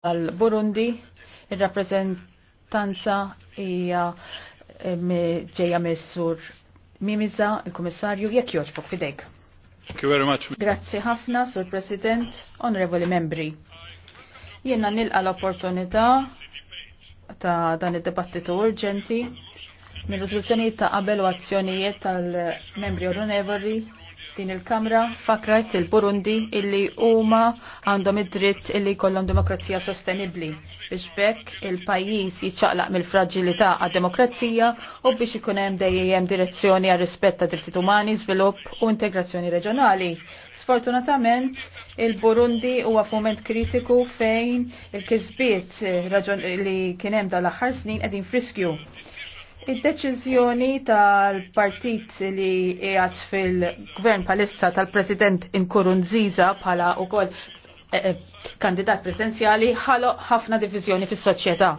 għal Burundi, il-rappresentanza hija eh, ġeja messur Mimiza, il-Komissarju, jekk joġbok fidejk. Grazie Grazzi ħafna, Sur President, Onorevoli Membri. Jiena nilqa l-opportunità ta' dan id debattitu urġenti mir-riżoluzzjonijiet ta' qabel u azzjonijiet tal-membri onorevoli din il-Kamra fakret il-Burundi illi huma għandhom id-dritt illi jkollhom demokrazija sostenibbli biex bekk il-pajjiż jiċċaqlaq mill-fragilità għad-demokrazija u biex ikun hemm dejjem direzzjoni għal rispett ta' drittijiet umani, żvilupp u integrazzjoni reġjonali. Sfortunatament, il-Burundi huwa f'mument kritiku fejn il-kisbiet li kien hemm dal-aħħar snin qegħdin friskju. Id-deċiżjoni tal-partit li jgħat fil-gvern palissa tal-President Inkurun Inkurunziza bħala wkoll eh, eh kandidat presidenzjali ħaloq ħafna diviżjoni fis-soċjetà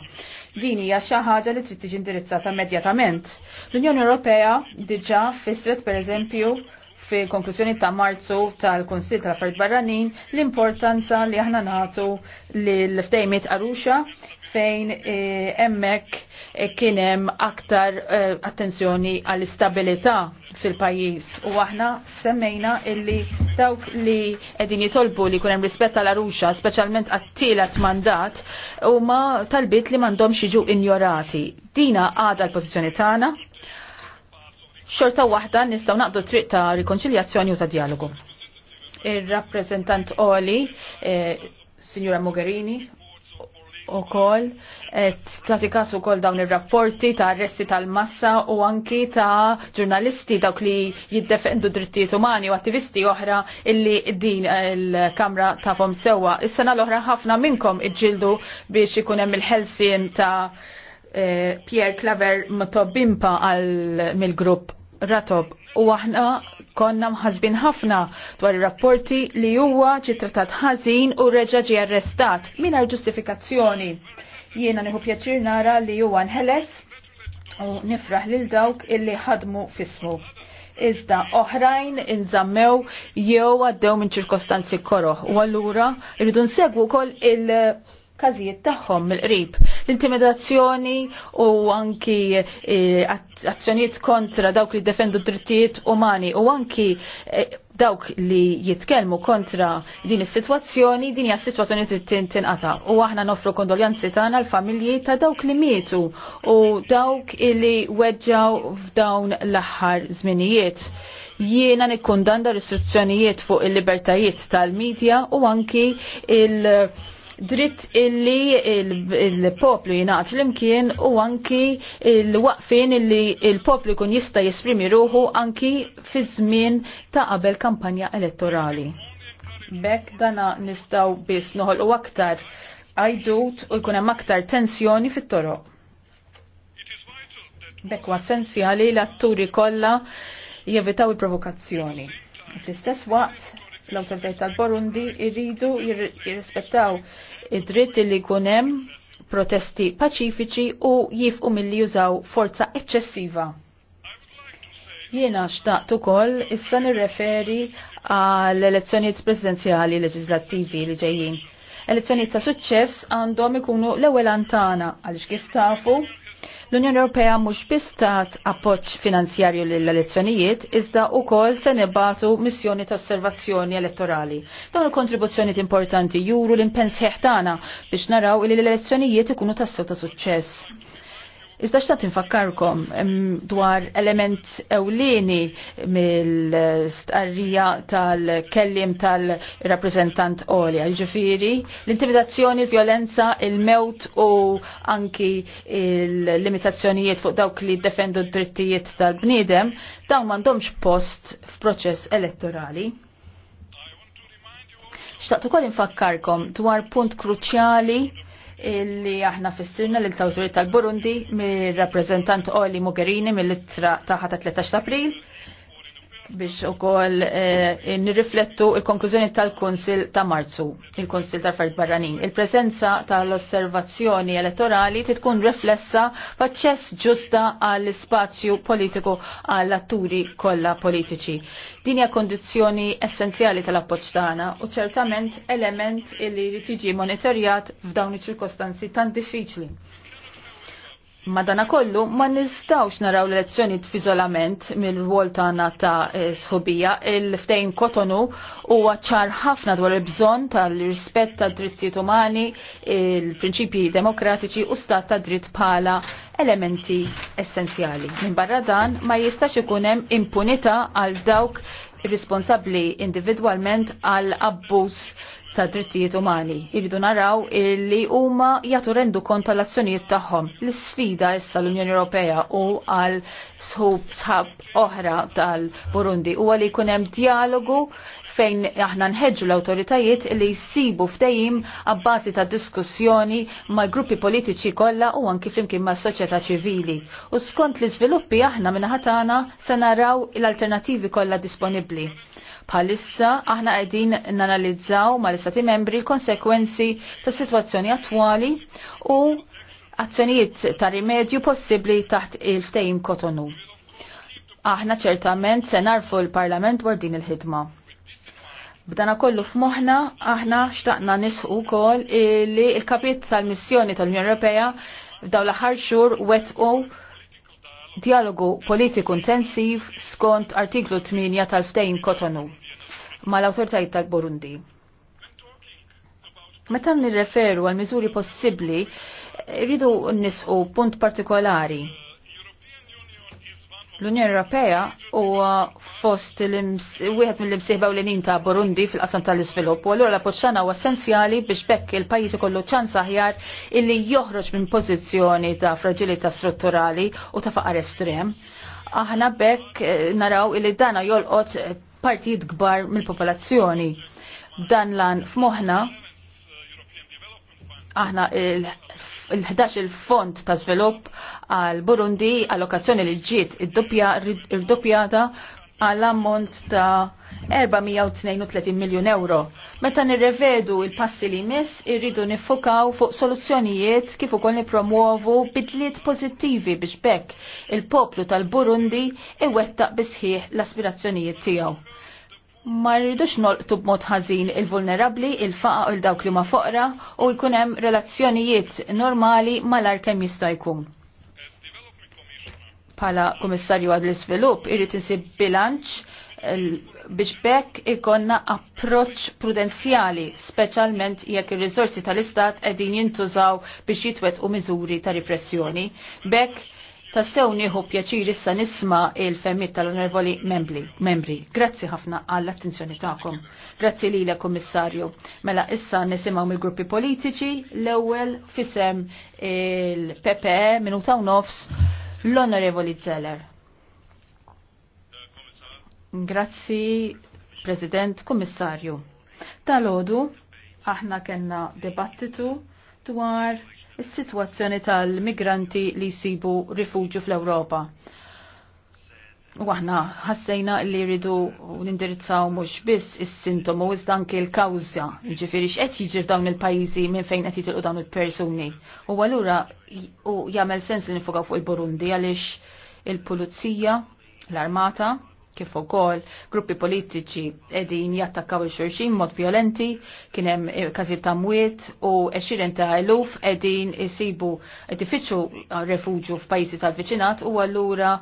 din hija xi ħaġa li trid tiġi indirizzata immedjatament. L-Unjoni Ewropea diġà fissret pereżempju fil-konklużjoni ta' marzu tal-Konsil tal-Affarijiet Barranin l-importanza li aħna nagħtu l-ftejmiet Arusha fejn eh, hemmhekk eh, kien hemm aktar eh, attenzjoni għall istabilità fil-pajjiż u aħna semmejna illi dawk li qegħdin jitolbu li jkun hemm rispett għal Arusha, speċjalment għat-tielet mandat, huma talbiet li m'għandhomx jiġu injorati. Dina għada l-pożizzjoni tagħna, xorta waħda nistgħu naqdu triq ta' rikonċiljazzjoni u ta' dialogu. Ir-rappreżentant Oli, eh, Signora Mogherini, u kol, et tati kasu kol dawn il-rapporti ta' arresti tal-massa u anki ta' ġurnalisti dawk li jiddefendu drittijiet umani u attivisti oħra illi din il-kamra ta' fom sewa. Is-sena l-oħra ħafna minnkom iġildu biex ikunem il-ħelsin ta' eh, Pierre Claver Motobimpa għal mill-grupp ratob u aħna konna mħazbin ħafna dwar rapporti li huwa trattat ħażin u reġa ġi arrestat mingħajr ġustifikazzjoni. Jiena nieħu pjaċir nara li huwa nħeles u nifraħ lil dawk illi ħadmu fismu. Iżda oħrajn inżammew jew għaddew minn ċirkostanzi koroħ u allura rridu nsegwu kol il- każijiet tagħhom mill-qrib l-intimidazzjoni u anki e, azzjonijiet kontra dawk li defendu drittijiet umani u anki e, dawk li jitkellmu kontra din is-sitwazzjoni, din hija s-sitwazzjoni tinqata. U aħna nofru kondoljanzi tagħna l-familji ta' dawk li mietu u dawk li weġġaw f'dawn l-aħħar żminijiet. Jiena nikkundanda restrizzjonijiet fuq il-libertajiet tal-medja u anki il- dritt illi il-poplu l flimkien u anki il-waqfin illi il-poplu kun jista' jesprimi ruħu anki fi żmien ta' qabel kampanja elettorali. Bek dana nistgħu biss noħolqu aktar għajdut u jkun hemm aktar tensjoni fit-toroq. Bekk huwa essenzjali l-atturi kollha jevitaw il-provokazzjoni. Fl-istess waqt l autoritajt tal borundi irridu jirrispettaw id-dritt li kunem protesti paċifiċi u jifqu mill-li jużaw forza eċċessiva. Jiena xtaqt ukoll issa nirreferi għall elezzjonijiet presidenzjali leġislattivi li ġejjin. Elezzjonijiet ta' suċċess għandhom ikunu l-ewwel antana għaliex kif tafu L-Unjoni Ewropea mhux biss tat appoġġ finanzjarju lill elezzjonijiet iżda wkoll se nibatu missjoni ta' osservazzjoni elettorali. Dawn il-kontribuzzjoni importanti juru l-impens tagħna biex naraw li l-elezzjonijiet ikunu tassew ta' suċċess. Iżda xtaqt infakkarkom dwar element ewlieni mill-stqarrija tal-kellim tal-rappresentant Olja, ġifiri, l-intimidazzjoni, l-violenza, il-mewt u anki l limitazzjonijiet fuq dawk li defendu d-drittijiet tal-bniedem, dawn mandomx post f'proċess elettorali xtaqtu kol infakkarkom dwar punt kruċjali illi aħna fissirna l tawżuri tal-Burundi mir rappreżentant Oli Mugherini mill-ittra taħħa ta' 13 April biex u koll eh, nirriflettu il-konklużjoni tal-Konsil ta' Marzu, il-Konsil ta' Fert Barranin. Il-prezenza tal-osservazzjoni elettorali titkun riflessa faċċess ġusta għall-spazju politiku għall-atturi kollha politiċi. Din hija kondizzjoni essenzjali tal-appoġġ tagħna u ċertament element li tiġi monitorjat f'dawn ċirkostanzi tan diffiċli. Madana kollu, ma nistawx naraw l-elezzjoni t-fizolament mill wol tagħna ta' eh, sħubija, il-ftejn kotonu u ċar ħafna dwar il-bżon tal-rispett ta' drittijiet umani, il-prinċipji demokratiċi u stat ta' dritt bħala elementi essenzjali. Minn barra dan ma jistax ikun hemm impunità għal dawk responsabbli individwalment għal abbus ta' drittijiet umani. Iridu naraw li huma jagħtu rendu kont tal-azzjonijiet tagħhom. L-isfida issa l-Unjoni Ewropea u għal sħub sħab oħra tal-Burundi huwa li jkun hemm dialogu fejn aħna nħedġu l-autoritajiet li jissibu ftejim għabbażi ta' diskussjoni ma' gruppi politiċi kollha u anki flimkien ma' soċjetà ċivili. U skont li sviluppi aħna minn ħatana se naraw l-alternativi kollha disponibbli. Bħalissa aħna qegħdin nanalizzaw mal-istati membri l-konsekwenzi ta' situazzjoni attwali u azzjonijiet ta' rimedju possibbli taħt il-ftejim kotonu. Aħna ċertament se narfu l-Parlament dwar din il-ħidma. B'dana kollu f'moħna aħna xtaqna nisħu kol li il-kapit tal-missjoni tal-Unjoni Ewropea f'daw l-aħħar xhur wetqu dialogu politiku intensiv skont artiklu 8 tal-ftejn Kotonu mal-awtoritajiet tal-Burundi. Meta nirreferu għal miżuri possibbli, rridu nisqu punt partikolari L-Unjoni Ewropea huwa fost wieħed mill-imsieħba inin ta' Burundi fil-qasam tal-iżvilupp, u l poċċana huwa essenzjali biex bekk il-pajjiż ikollu ċans aħjar illi joħroġ minn pożizzjoni ta' fragilità strutturali u ta' faqar estrem. Aħna bekk eh, naraw illi dana jolqot partijiet kbar mill-popolazzjoni. Dan lan f'moħħna aħna il-11 il-fond ta' svelop għal Burundi allokazzjoni li ġiet id-doppjata għal ammont ta' 432 miljon euro. Meta nirrevedu il-passi li jmiss, irridu nifukaw fuq soluzzjonijiet kif ukoll nipromuovu bidliet pożittivi biex bekk il-poplu tal-Burundi iwettaq bisħieħ l-aspirazzjonijiet tiegħu ma rridux nolqtu b'mod ħażin il-vulnerabli, il-faqa u l-dawk li ma foqra u jkun hemm relazzjonijiet normali mal-ar kemm jista' jkun. Pala Kummissarju għad l-Iżvilupp irrit insib bilanċ biex bekk ikonna approċ prudenzjali, speċjalment jekk ir rizorsi tal-Istat qegħdin jintużaw biex jitwet u miżuri ta' repressjoni. Bekk Tassew nieħu pjaċir issa nisma il-femmit tal-onorevoli membri. Grazzi ħafna għall-attenzjoni tagħkom. Grazzi li l Kummissarju. Mela issa nisimgħu mill-gruppi politiċi l-ewwel fisem il-PPE minuta ta' nofs l-onorevoli Zeller. Grazzi, President, Kummissarju. Tal-ħodu, aħna kena debattitu dwar is-sitwazzjoni tal-migranti li jsibu rifuġju fl-Ewropa. U aħna ħassejna li rridu nindirizzaw mhux biss is-sintomu iżda anke l-kawża, jiġifieri x'qed jiġri dawn il-pajjiżi minn fejn qed jitilqu dawn il-persuni. U allura jagħmel sens li nifokaw fuq il-Burundi għaliex il-pulizija, l-armata, kif ukoll gruppi politiċi qegħdin jattakkaw il-xurxin mod violenti, kien hemm eh, każijiet ta' mwiet u 20 ta' eluf qegħdin isibu edifiċu eh, refugju f'pajjiżi tal-viċinat u allura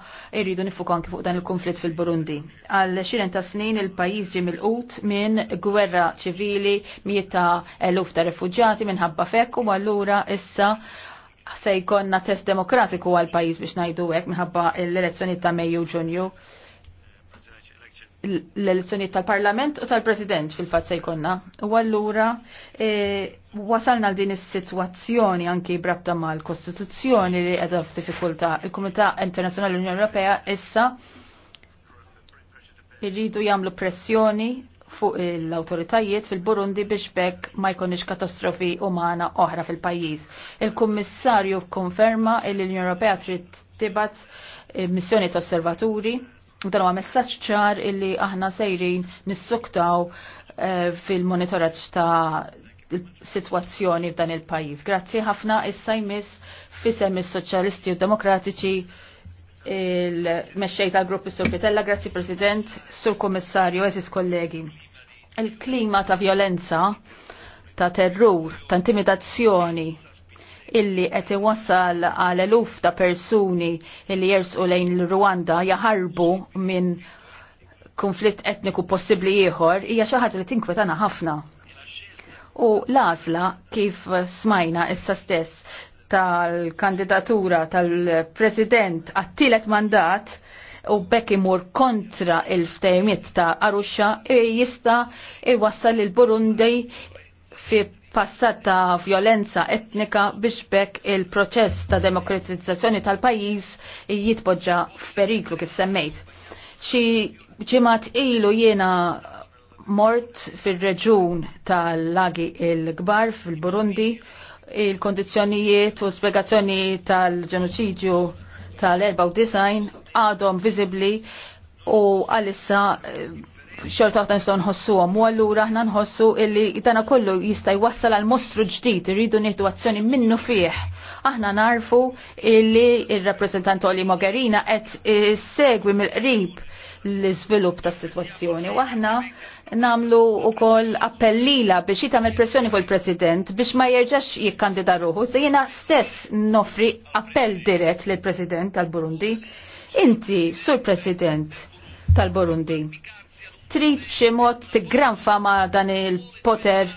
jridu nifuku anki fuq dan il-konflitt fil-Burundi. Għal 20 ta' snin il-pajjiż ġie milqut minn gwerra ċivili mijiet ta' eluf ta' refuġjati minħabba fekk u allura issa se jkollna test demokratiku għal pajjiż biex ngħidu hekk minħabba l-elezzjoni ta' Mejju Ġunju l-elezzjoniet tal-Parlament u tal-President fil-fat se jkonna. U allura e, wasalna din is-sitwazzjoni anki brabta mal-Kostituzzjoni li qiegħda f'diffikultà. Il-Kumità Internazzjonali l-Unjoni Ewropea issa irridu jagħmlu pressjoni fuq l-autoritajiet fil-Burundi biex bekk ma jkunix katastrofi umana oħra fil-pajjiż. Il-Kummissarju konferma li l-Unjoni Ewropea trid tibat e, missjoni ta' osservaturi Dan huwa messaġġ ċar illi aħna sejrin nissuktaw eh, fil-monitoraġġ ta' situazzjoni f'dan il-pajjiż. Grazzi ħafna issa jmiss fisem is-Soċjalisti u Demokratiċi il-mexxej tal-gruppi Sofitella, Pitella, grazzi President, Sur Kommissarju, eżis kollegi. Il-klima ta' violenza, ta' terrur, ta' intimidazzjoni, illi qed iwassal għal eluf ta' persuni illi jersqu lejn l-Rwanda jaħarbu minn konflitt etniku possibbli ieħor hija xi ħaġa li tinkwetana ħafna. U l kif smajna issa stess tal-kandidatura tal-president għat-tielet mandat u bekk imur kontra il-ftejmiet ta' Arusha e jista' iwassal il-Burundi fi passat ta' violenza etnika biex bekk il-proċess ta' demokratizzazzjoni tal-pajis jitpoġġa f'periklu kif semmejt. Xi ġimgħat ilu jiena mort fil-reġun tal-lagi il-gbar fil-Burundi, il-kondizjonijiet u spiegazzjoni tal-ġenoċidju tal-94 għadhom viżibli u għalissa eh, xorta għatna nistaw nħossu għom. U għallura ħna nħossu illi dana kollu jista jwassal għal mostru ġdijt, rridu nieħdu azzjoni minnu fieħ. Aħna narfu illi il-rappresentant Oli Mogherina qed eh, segwi mill-qrib l-izvilup ta' situazzjoni. U aħna namlu u koll appellila biex il pressjoni fuq il-President biex ma jerġax jikkandida ruħu. Se jena stess nofri appell dirett l-President tal-Burundi. Inti, sur President tal-Burundi, trid xi mod tiggranfa ma' dan il-poter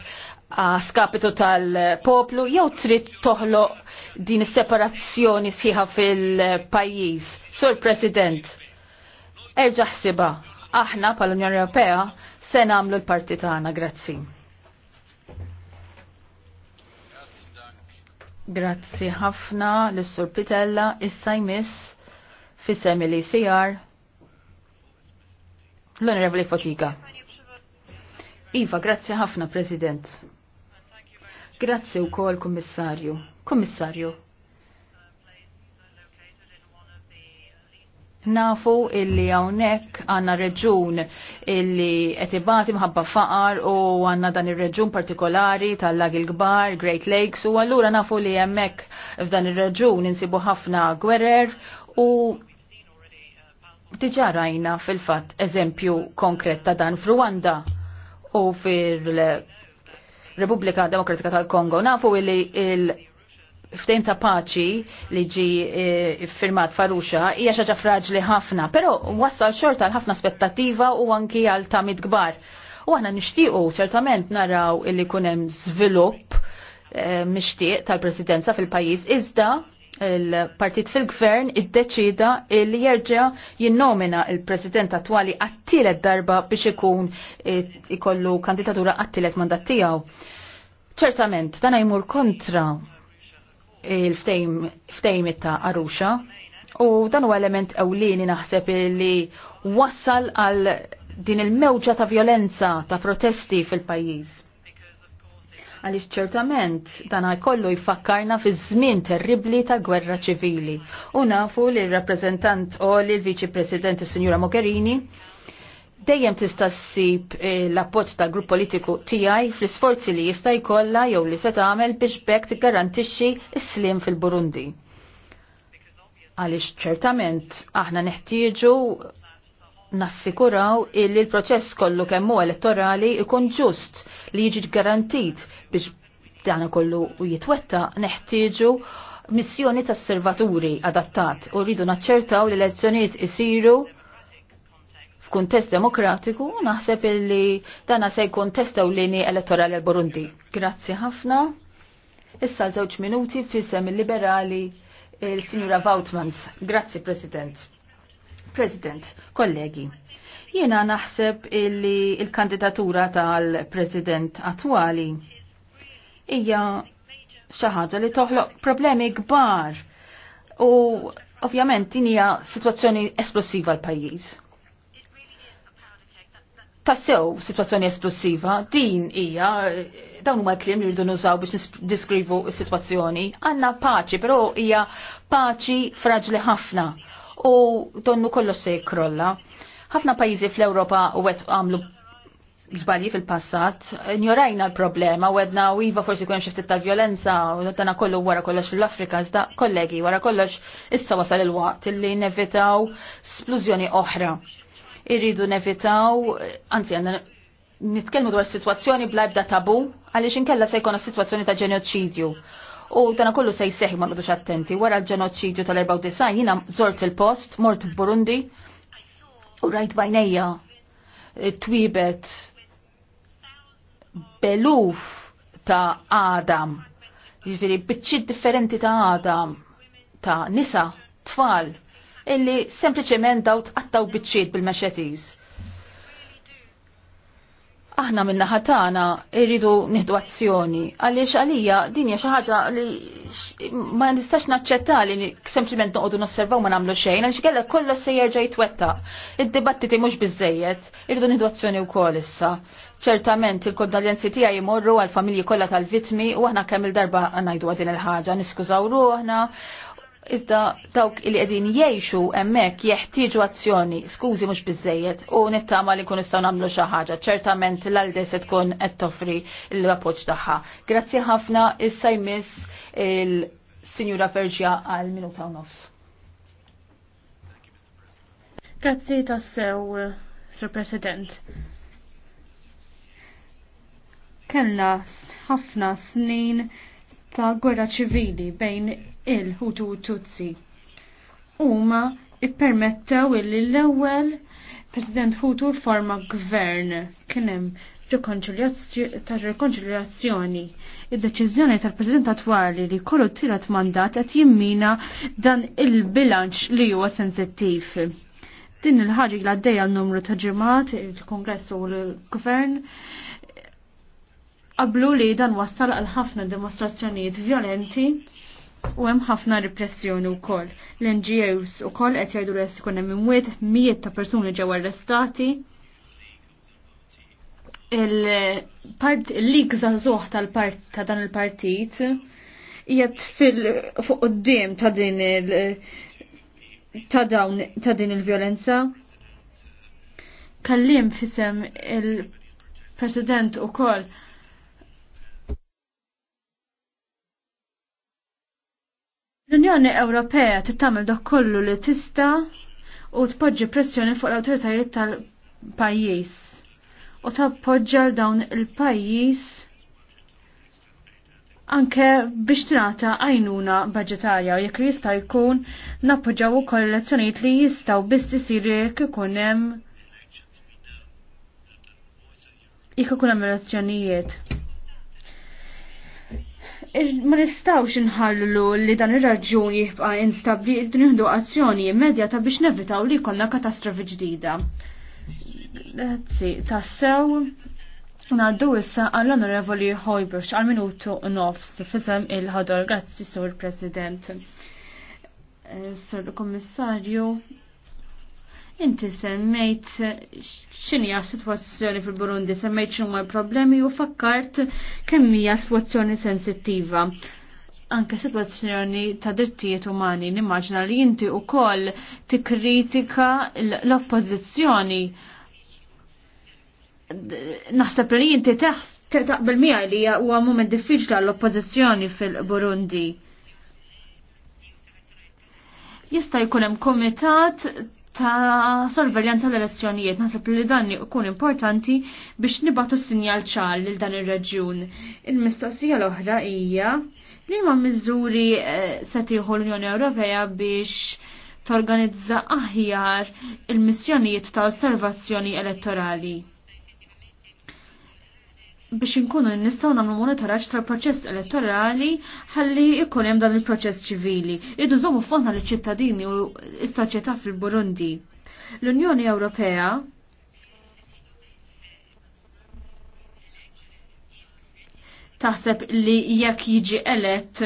skapitu tal-poplu jew trid toħloq din is-separazzjoni sħiħa fil-pajjiż. Sur President, erġa' ħsiba aħna pal-Unjoni Ewropea se nagħmlu l-parti tagħna, grazzi. Grazzi ħafna l-Sur Pitella, issa jmiss fisem semili sijar. L-Onorevoli Fotiga. Iva, grazzi ħafna, President. Grazzi u kol, Kommissarju. Kommissarju. Nafu illi għawnek għanna reġun illi għetibati mħabba faqar u għanna dan il-reġun partikolari tal-lag il-gbar, Great Lakes, u għallura nafu li għemmek f'dan il-reġun insibu ħafna gwerer u Diġa rajna fil-fat eżempju konkret ta' dan f'Rwanda u fil-Repubblika Demokratika tal-Kongo. Nafu li il- ftejn ta' paċi li ġi e, firmat Farusha hija xaġa fraġli ħafna, però wassal xorta għal ħafna aspettattiva u anki għal tamid kbar. U aħna nixtiequ ċertament naraw illi kunem hemm żvilupp e, mixtieq tal-presidenza fil-pajjiż iżda il-partit fil-gvern id-deċida il jerġa' jinnomina il-president attwali għattilet darba biex ikun eh, ikollu kandidatura għattilet mandat tiegħu. Ċertament, dan jmur kontra il-ftejm ta' Arusha u dan huwa element ewlieni naħseb li wassal għal din il-mewġa ta' violenza ta' protesti fil-pajjiż għaliex ċertament dan kollu jfakkarna fi żmien terribli ta' gwerra ċivili. U nafu li r-rappreżentant Oli, l-Viċi President is Mogherini, dejjem tista' ssib eh, l-appoġġ tal-grupp politiku tiegħi fl-isforzi li jista' jkollha jew li se tagħmel biex bekk tiggarantixxi s-slim fil-Burundi għalix ċertament aħna neħtieġu nassikuraw illi l-proċess kollu kemmu elettorali ikun ġust li jiġi garantit biex dan kollu u jitwetta neħtieġu missjoni tas servaturi adattat u rridu naċċertaw li l-elezzjonijiet isiru f'kuntest demokratiku u naħseb illi dana se jkun testaw lini elettorali għal Burundi. Grazzi ħafna. Issa żewġ minuti fisem il-liberali il-Sinjura Vautmans. Grazzi President. President, kollegi, jiena naħseb illi il-kandidatura tal-President attwali hija xi ħaġa li toħloq problemi kbar u ovvjament din hija sitwazzjoni esplosiva l-pajjiż tassew situazzjoni esplosiva, din hija dawn huma kliem li rridu nużaw biex diskrivu s-sitwazzjoni. Għandna paċi, però hija paċi fraġli ħafna u donnu kollox se jkrolla. Ħafna pajjiżi fl-Ewropa wet għamlu zbalji fil-passat, njorajna l-problema, u għedna u iva forsi kunem xiftit tal-violenza, u għedna kollu wara kollox fil-Afrika, zda kollegi, wara kollox issa wasal il-waqt li nevitaw splużjoni oħra. Irridu nevitaw, anzi għanna nitkelmu dwar situazzjoni bla jibda tabu, għaliex inkella se situazzjoni ta' ġenoċidju u dana kollu se seħi ma l attenti. Wara l-ġenoċidju tal 49 jina zort il-post, mort Burundi u rajt bajnejja eh, twibet beluf ta' Adam, jifiri bitċid differenti ta' Adam, ta' nisa, tfal, illi sempliciment daw attaw bitċid bil meċetiz aħna minna ħatana irridu nihdu azzjoni għaliex għalija din hija xi ħaġa li ma nistax naċċetta li sempliment noqogħdu nosservaw ma nagħmlu xejn għaliex kellek kollox se jerġa' jitwetta, Id-dibattiti mhux biżejjed, irridu nieħdu azzjoni wkoll issa. Ċertament il-kondaljenzi tiegħi jmorru għall familji kollha tal-vitmi u aħna kemm il-darba ngħidu din il-ħaġa, niskużaw ruħna, Iżda dawk li qegħdin jgħixu hemmhekk jeħtieġu azzjoni, skużi mhux biżejjed, u nittama li kun nistgħu nagħmlu xi ħaġa. Ċertament l-għalde se tkun qed toffri l-appoġġ tagħha. Grazzi ħafna issa jmiss il-Sinjura Ferġja għal minuta u nofs. Grazzi tassew, Sir President. Kellna ħafna snin ta' gwerra ċivili bejn il-ħutu tutsi. Huma ippermettew illi l-ewwel President Hutu forma gvern kien hemm tar-rekonċiljazzjoni. Id-deċiżjoni tal-President attwali li kollu tirat mandat qed jimmina dan il-bilanċ li huwa sensittiv. Din il-ħaġa li għaddejja l-numru ta' ġemat il-Kongress u l-Gvern qablu li dan wassal għal ħafna dimostrazzjonijiet violenti u hemm ħafna repressjoni wkoll. L-NGOs ukoll qed jgħidu li jkun hemm imwiet mijiet ta' persuni ġew arrestati. Il-part il-lig żagħżugħ tal-part ta' dan il-partit qiegħed fil fuq quddiem ta' din il ta' dawn ta' din il-vjolenza. Kallim fisem il-President ukoll L-Unjoni Ewropea tittamil dak kollu li tista u tpoġġi pressjoni fuq l-awtoritajiet tal-pajjiż u tappoġġa l dawn il-pajjiż anke biex tingħata għajnuna budġetarja u jekk jista' jkun nappoġġaw ukoll elezzjonijiet li jistgħu biss isir jekk ikun hemm jekk ikun hemm elezzjonijiet ma nistawx nħallu li dan ir raġuni jibqa' instabli irdu nieħdu azzjoni immedjata biex nevitaw li jkollna katastrofi ġdida. Grazzi, tassew Naddu issa għall-Onorevoli Hojbux għal minutu nofs fizem il-ħador. Grazzi, Sur President. Eh, Sur Kommissarju, Inti semmejt għas situazzjoni fil-Burundi, semmejt x'huma l-problemi u fakkart kemm hija situazzjoni sensittiva. Anke situazzjoni ta' drittijiet umani, nimmaġna li inti wkoll tikkritika l-oppożizzjoni. Naħseb li inti taqbel mija li huwa mument diffiċli għall-oppożizzjoni fil-Burundi. Jista' jkun hemm komitat ta' sorveljanza l-elezzjonijiet naħseb li dan ikun importanti biex nibatu sinjal ċar lil dan ir-reġjun. Il-mistoqsija l-oħra hija li ma' miżuri eh, se tieħu l-Unjoni Ewropea biex torganizza aħjar il-missjonijiet ta' osservazzjoni elettorali biex inkunu nistgħu nagħmlu monitoraġġ tal-proċess elettorali ħalli jkun hemm dan il-proċess ċivili. Idu żommu fonna liċ ċittadini u s-soċjetà fil-Burundi. L-Unjoni Ewropea taħseb li jekk jiġi elett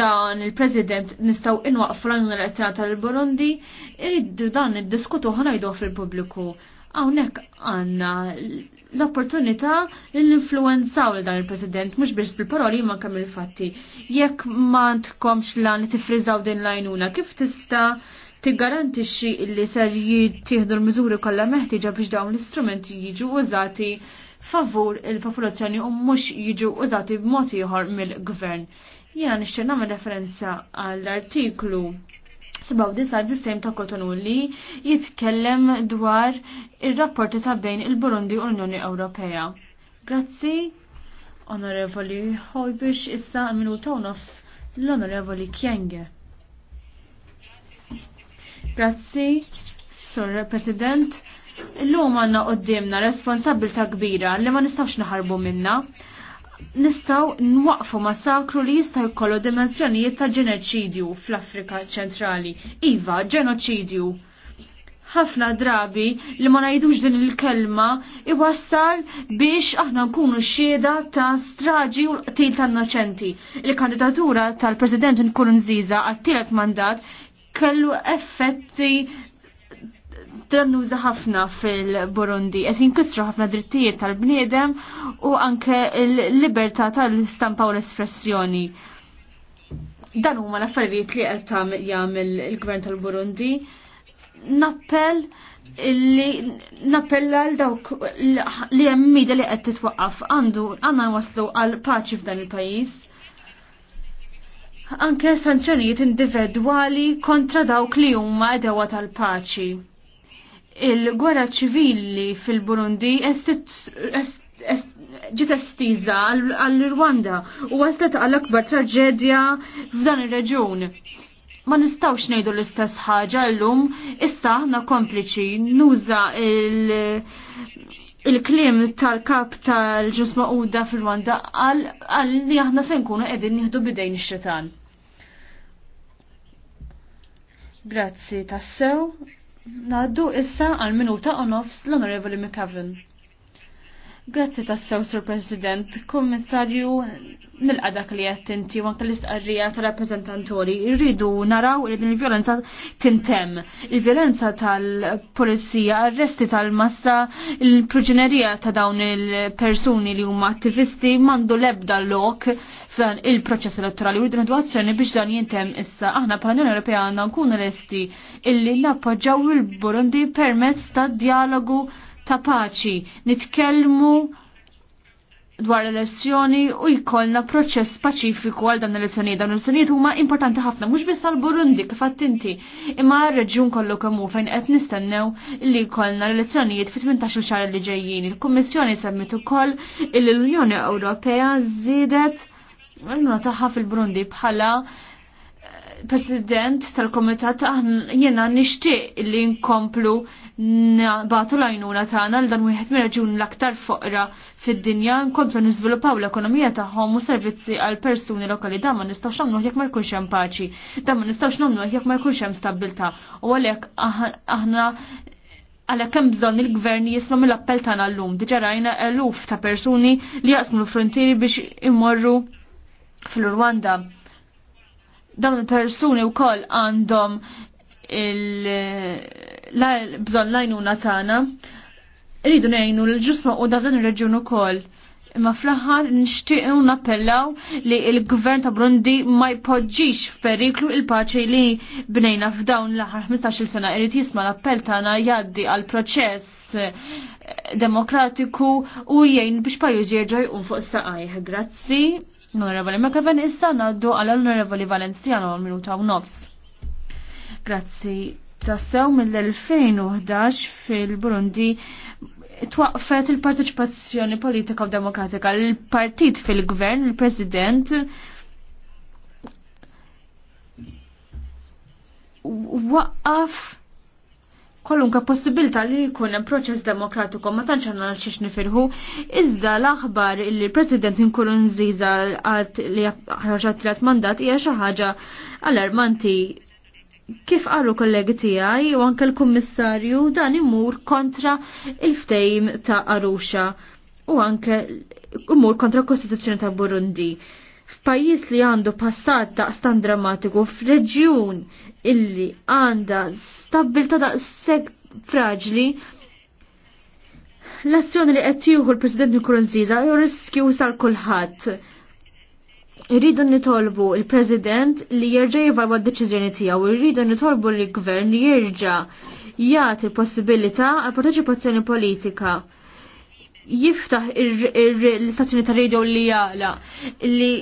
dan il-President nistaw inwaqfu l-għannu l-elezzjoni tal-Burundi, irridu dan id-diskutu ħanajdu fil-pubbliku. Hawnhekk għandna l-opportunità l-influenzaw l dan il-President, mhux biex bil-paroli ma kemm il-fatti. Jekk ma tkomx lan li tifriżaw din lajnuna, kif tista' tiggarantixxi li ser jittihdu l-miżuri kollha meħtieġa biex dawn l-istrumenti jiġu użati favur il-popolazzjoni u mhux jiġu użati b'mod ieħor mill-gvern. Jiena nixtieq nagħmel referenza għall-artiklu 97 fil ta' kotonulli li jitkellem dwar ir-rapporti ta' bejn il-Burundi u l-Unjoni Ewropea. Grazzi, onorevoli Hojbix, issa minuta u nofs l-onorevoli Kjenge. Grazzi, Sur President, l-lum għanna għoddimna responsabilta kbira li ma nistawx naħarbu minna nistaw nwaqfu sakru li jista' kollu dimensjonijiet ta' ġenoċidju fl-Afrika ċentrali. Iva, ġenoċidju. Ħafna drabi li ma ngħidux din il-kelma iwassal biex aħna nkunu xhieda ta' straġi u qtil ta' innoċenti. Il-kandidatura tal-President Nkurunziza għat-tielet mandat kellu effetti nuża ħafna fil-Burundi, qed jinkistru ħafna drittijiet tal-bniedem u anke l-libertà tal-istampa u l-espressjoni. Dan huma l-affarijiet li qed jagħmel il-Gvern tal-Burundi. Nappell li nappella l dawk li hemm mida li qed titwaqqaf għandu għandna waslu għal paċi f'dan il-pajjiż. Anke sanzjonijiet individwali kontra dawk li huma edewa tal-paċi il-gwerra ċivili fil-Burundi ġiet estiża għall-Rwanda u għastet għall akbar traġedja f'dan ir-reġun. Ma nistawx ngħidu l-istess ħaġa llum, issa aħna kompliċi nuża il-klim tal-kap tal-ġus maquda fil-Rwanda għal li aħna se nkunu qegħdin nieħdu bidejn ix xitan Grazzi tassew. Naddu issa għal minuta u nofs l-Onorevoli McCavan. Grazzi tassew, Sur President. Kommissarju, nilqa dak li qed tinti anke l-istqarrija ta' rappreżentantori irridu naraw li din il-vjolenza tintem. Il-vjolenza tal-pulizija, arresti tal-massa, il-proġenerija ta' dawn il-persuni li huma attivisti mandu lebda lok f'dan il-proċess elettorali u edwazzjoni biex dan jintem issa. Aħna bħala Unjoni Ewropea għandna nkunu arresti illi nappoġġaw il-Burundi permezz ta' dialogu ta' paċi, nitkellmu dwar elezzjoni u jkollna proċess paċifiku għal dan elezzjoni. Dan elezzjoni huma importanti ħafna, mhux biss għal Burundi kif inti, imma r-reġjun kollu kemm hu fejn qed nistennew li jkollna l-elezzjonijiet fi 18 xahar li ġejjin. Il-Kummissjoni semmit ukoll li l-Unjoni Ewropea żiedet l-nota fil-Burundi bħala President tal-Komitat jena nishtiq li nkomplu nabatu lajnuna tagħna l dan wieħed mir l-aktar foqra fid-dinja nkomplu nizvilupaw l-ekonomija tagħhom u servizzi għal persuni lokali da ma nistgħux nagħmlu jekk ma jkunx hemm paċi, dan ma nistgħux nagħmlu jekk ma jkunx hemm stabilità u għalhekk aħna għalhekk kemm bżonn il-gvern jislhom l-appell tagħna llum. Diġà rajna eluf ta' persuni li jaqsmu l-frontieri biex imorru fil-Rwanda dawn il-persuni u koll għandhom il-bżon lajnuna tana. Rridu nejnu l-ġusma u dan il-reġjun u koll. Imma fl-ħar nishtiqu nappellaw li il-gvern ta' Brundi ma jpoġġix f'periklu il-paċi li bnejna f'dawn l-ħar 15 sena irrid jisma' l-appell tagħna jgħaddi għal proċess eh, demokratiku u jgħin biex pajjuż jerġa' jqum fuq saqajh. Grazzi. Onorevoli Mekaven issa naddu għal onorevoli Valenciano għal minuta u nofs. Grazzi. Tassew mill-2011 fil-Burundi twaqfet il-parteċipazzjoni politika u demokratika. l partit fil-gvern, il-president, waqqaf kollunka possibilità li jkun hemm proċess demokratiku ma tantx għandna xiex nifirħu, iżda l-aħbar li l-President Nkurunziza għad li ħarġat tliet mandat hija xi ħaġa allarmanti kif qalu kollegi tiegħi u anke l-Kummissarju dan imur kontra il-ftejm ta' Arusha u anke imur kontra l-Kostituzzjoni ta' Burundi f'pajjiż li għandu passat daqstan drammatiku f'reġjun illi għandha stabilta daqshekk fraġli l-azzjoni li qed jieħu l-President Nkurunziza riskju sal kulħadd. Irridu nitolbu l president li jerġa' jivalwa d-deċiżjoni tiegħu, irridu nitolbu l-Gvern li jerġa' jagħti l-possibilità għal parteċipazzjoni politika jiftaħ l-istazzjoni ta' radio li jala li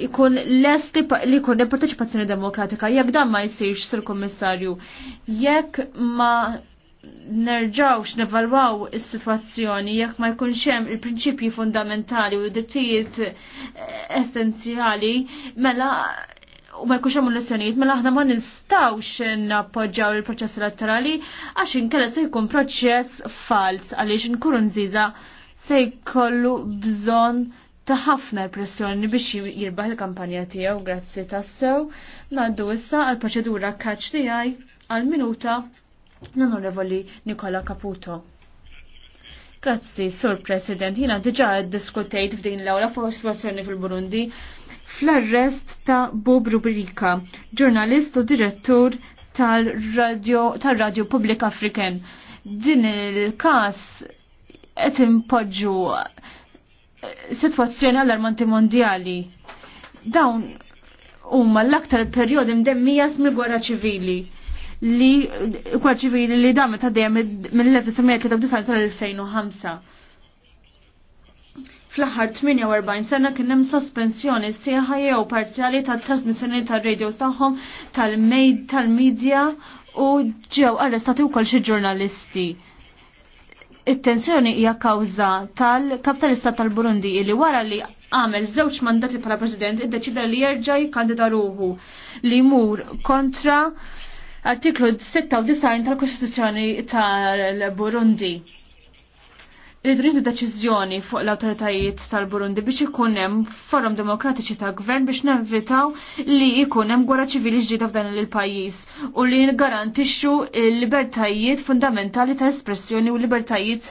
ikun less li jkun il-parteċipazzjoni demokratika jekk dan ma jsirx sur kommissarju jekk ma nerġawx nevalwaw is-sitwazzjoni jekk ma jkunx hemm il-prinċipji fundamentali u drittijiet eh, essenzjali mela u ma jkunx hemm lezzjonijiet mela aħna ma nistgħux nappoġġjaw il-proċess elettorali għax inkella se jkun proċess fals għaliex inkunu nżiża se jkollu bżonn ta' ħafna l-pressjoni biex jirbaħ il-kampanja tiegħu grazzi tassew. Naddu issa għal proċedura kaċ tiegħi għal minuta l-Onorevoli Nikola Caputo. Grazzi, Sur President, jina diġa diskutejt f'din l-awla fuq situazzjoni fil-Burundi fl-arrest ta' Bob Rubrika, ġurnalist u direttur tal-Radio tal radio Public African. Din il-kas qed impoġġu situazzjoni allarmanti mondjali. Dawn huma l-aktar perjodi mdemmija smil gwerra ċivili li kwa ċivili li damet ta' dejjem mill-1993 sal-2005. Fl-aħħar 48 sena kien hemm sospensjoni sieħa jew parzjali tat-trasmissjoni tar-radio tagħhom tal media tal u ġew arrestati wkoll xi ġurnalisti it-tensjoni hija kawża tal-kapitalista tal-Burundi li wara li għamel żewġ mandati bħala president iddeċida li jerġa' jikkandida ruħu li jmur kontra artiklu 96 tal-Kostituzzjoni tal-Burundi. Rridu deċiżjoni fuq l-awtoritajiet tal-Burundi biex ikun hemm forum demokratiċi ta' gvern biex nevitaw li jkun hemm gwerra ċivili ġdida f'dan il-pajjiż u li ngarantixxu l-libertajiet fundamentali ta' espressjoni u l libertajiet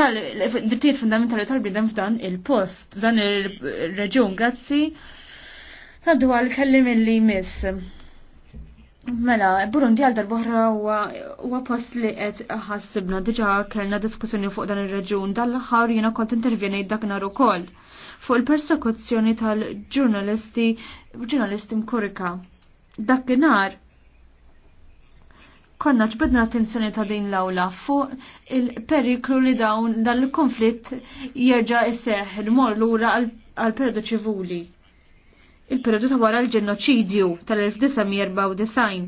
tal-drittijiet fundamentali tal bidem f'dan il-post, f'dan il reġjun Grazzi. Għaddu għal kellim il-li miss. Mela, Burundi għal darbohra huwa post li qed ħassibna diġà kellna diskussjoni fuq dan ir-reġun dal-aħħar jiena kont intervjenejt dak naru ukoll fuq il-persekuzzjoni tal-ġurnalisti ġurnalisti mkurika. Dakinhar konna ġbedna attenzjoni ta' din l-awla fuq il-periklu li dawn dan il konflitt jerġa' isseħ il-mor lura għal periodu ċivuli il-periodu ta' wara l-ġenoċidju tal-1994.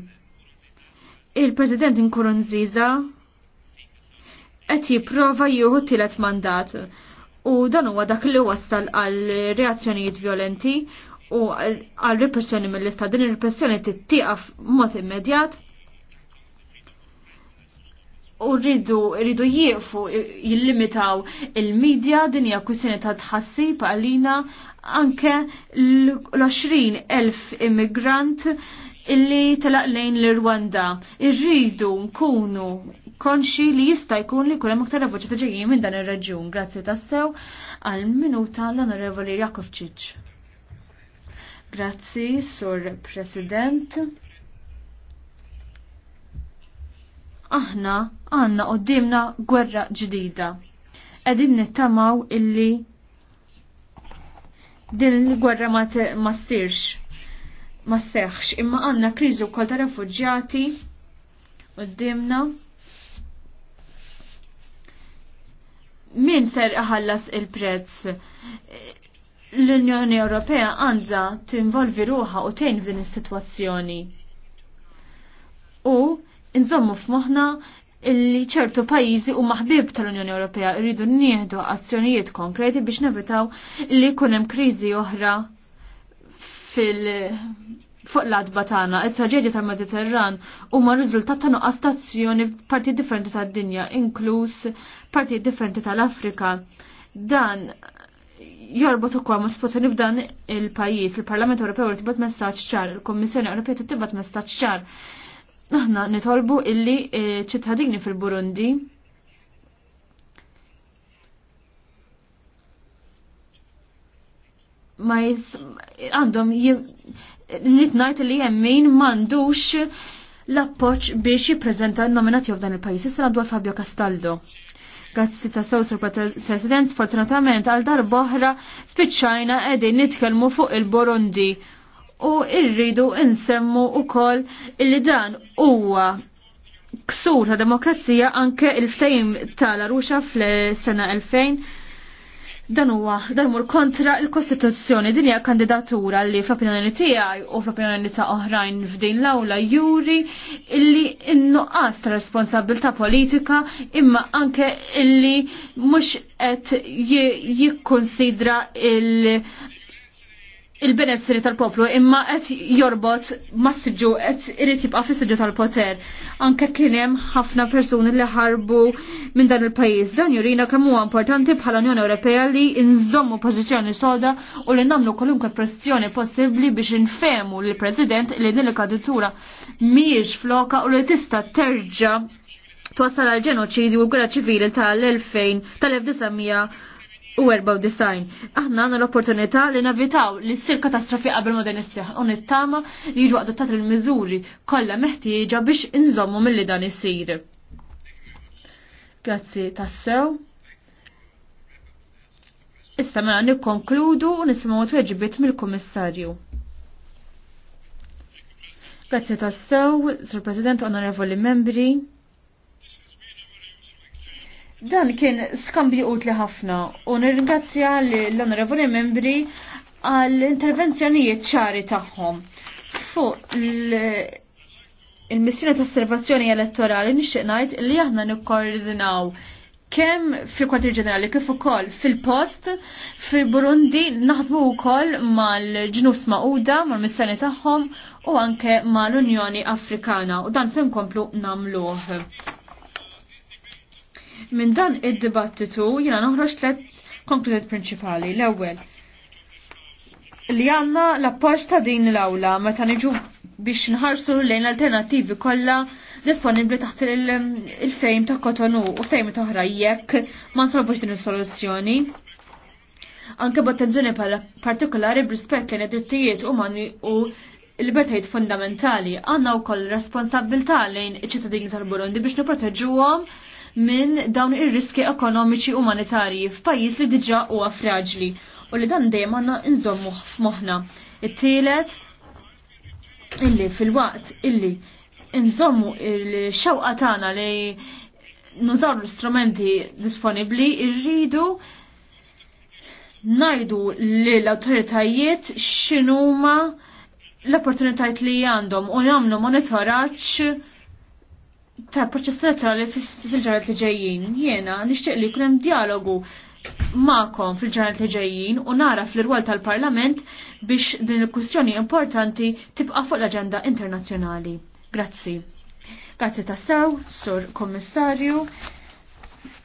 Il-President Nkurunziza qed jipprova jieħu tielet mandat u dan huwa dak li wassal għal reazzjonijiet violenti u għal repressjoni mill-istat din ir-repressjoni tittieqaf mod immedjat u rridu rridu jieqfu jillimitaw il-medja din hija ta' tħassib għalina anke l 20000 elf immigrant illi telaq lejn l-Rwanda. Irridu nkunu konxi li jista' jkun li kull hemm aktar voċi ta' ġejjin minn dan ir-raġun. Grazzi tassew għal minuta l-Onorevoli Jakovčić. Grazzi, Sur President. aħna għanna qoddimna gwerra ġdida. Edin nittamaw illi din il-gwerra ma ssirx, ma seħx, imma għanna kriżi wkoll ta' refuġjati qoddimna. Min ser iħallas il-prezz? L-Unjoni Ewropea għandha tinvolvi ruħa u tejn f'din is-sitwazzjoni. Nżommu f'moħħna illi ċertu pajjiżi u maħbib tal-Unjoni Ewropea rridu nieħdu azzjonijiet konkreti biex nevitaw li jkun hemm kriżi oħra fil fuq l-adba tagħna, it-traġedja tal-Mediterran huma riżultat ta' nuqqas stazzjoni f'partijiet differenti tad-dinja, inkluż partijiet differenti tal-Afrika. Dan jorbot ukoll ma' situazzjoni f'dan il-pajjiż, il-Parlament Ewropew tibgħat messaġġ ċar, il-Kummissjoni Ewropea tibgħat messaġġ ċar aħna nitolbu illi eh, ċittadini fil-Burundi ma jis għandhom nitnajt li jemmin mandux l-appoċ biex jiprezenta nominati f'dan il-pajis. Issa għandu Fabio Castaldo. Grazzi ta' sew sur President, fortunatament għal darboħra spiċċajna edin nitkelmu fuq il-Burundi u irridu insemmu kol illi dan huwa ksur ta' demokrazija anke il-ftajim tal-Aruxa fl-sena 2000 dan huwa dan mur kontra l-Kostituzzjoni din hija kandidatura li fl-opinjoni tiegħi u fl-opinjoni ta' oħrajn f'din l-awla juri illi innuqqas ta' responsabilità politika imma anke illi mhux qed jikkonsidra il- il-benessri tal-poplu imma qed jorbot ma' siġu qed irid jibqa' fis siġu tal-poter. Anke kien hemm ħafna persuni li ħarbu minn dan il-pajjiż. Dan jurina kemm huwa importanti bħala Unjoni Ewropea li nżommu pożizzjoni soda u li nagħmlu kwalunkwe pressjoni possibbli biex infemu lill president li din il-kandidatura mhijiex floka u li tista' terġa' twassal għal ġenoċidju u gwerra ċivili tal-2000 tal-1900 u design, Aħna għandna l-opportunità li navitaw li ssir katastrofi qabel ma din isseħ u nittama li jiġu adottat il-miżuri kollha meħtieġa biex inżommu milli dan isir. Grazzi tassew. Issa mela nikkonkludu u nisimgħu tweġibiet mill-Kummissarju. Grazzi tassew, Sur President, Onorevoli Membri. Dan kien skambju utli ħafna u nirringrazzja l-onorevoli membri għall-intervenzjonijiet ċari tagħhom fuq il-missjoni ta' osservazzjoni elettorali nixtieq ngħid li aħna nikkoordinaw kemm fil kwartier ġenerali kif ukoll fil-post fil Burundi naħdmu wkoll mal-ġnus Mauda mal-missjoni tagħhom u anke mal-Unjoni Afrikana u dan se nkomplu nagħmluh. Minn dan id-dibattitu jiena noħroġ tliet konkludent prinċipali. L-ewwel li għandna l-appoġġ ta' din l-awla meta niġu biex nħarsu lejn alternattivi kollha disponibli taħt il-fejm ta' kotonu u fejm ta' jekk ma nsolbux din is-soluzzjoni. Anke b'attenzjoni partikolari b'rispett lejn id-drittijiet mani u libertajiet fundamentali għandna wkoll responsabilità lejn iċ-ċittadini tal-Burundi biex nipproteġuhom minn dawn ir-riski ekonomiċi umanitarji f'pajjiż li diġà huwa fraġli u li dan dejjem għandna nżommu f'moħħna. It-tielet illi fil-waqt illi nżommu il-xewqa tagħna li nużaw l-istrumenti disponibbli irridu najdu li l-autoritajiet xinuma l-opportunitajiet li għandhom u nagħmlu monitoraċ ta' proċess elettorali fil-ġarat li ġejjin. Jiena nixtieq li jkun hemm dialogu ma'kom fil-ġarat li ġejjin u nara fl rwol tal-Parlament biex din il-kwistjoni importanti tibqa' fuq l-aġenda internazzjonali. Grazzi. Grazzi tassew, Sur Kommissarju.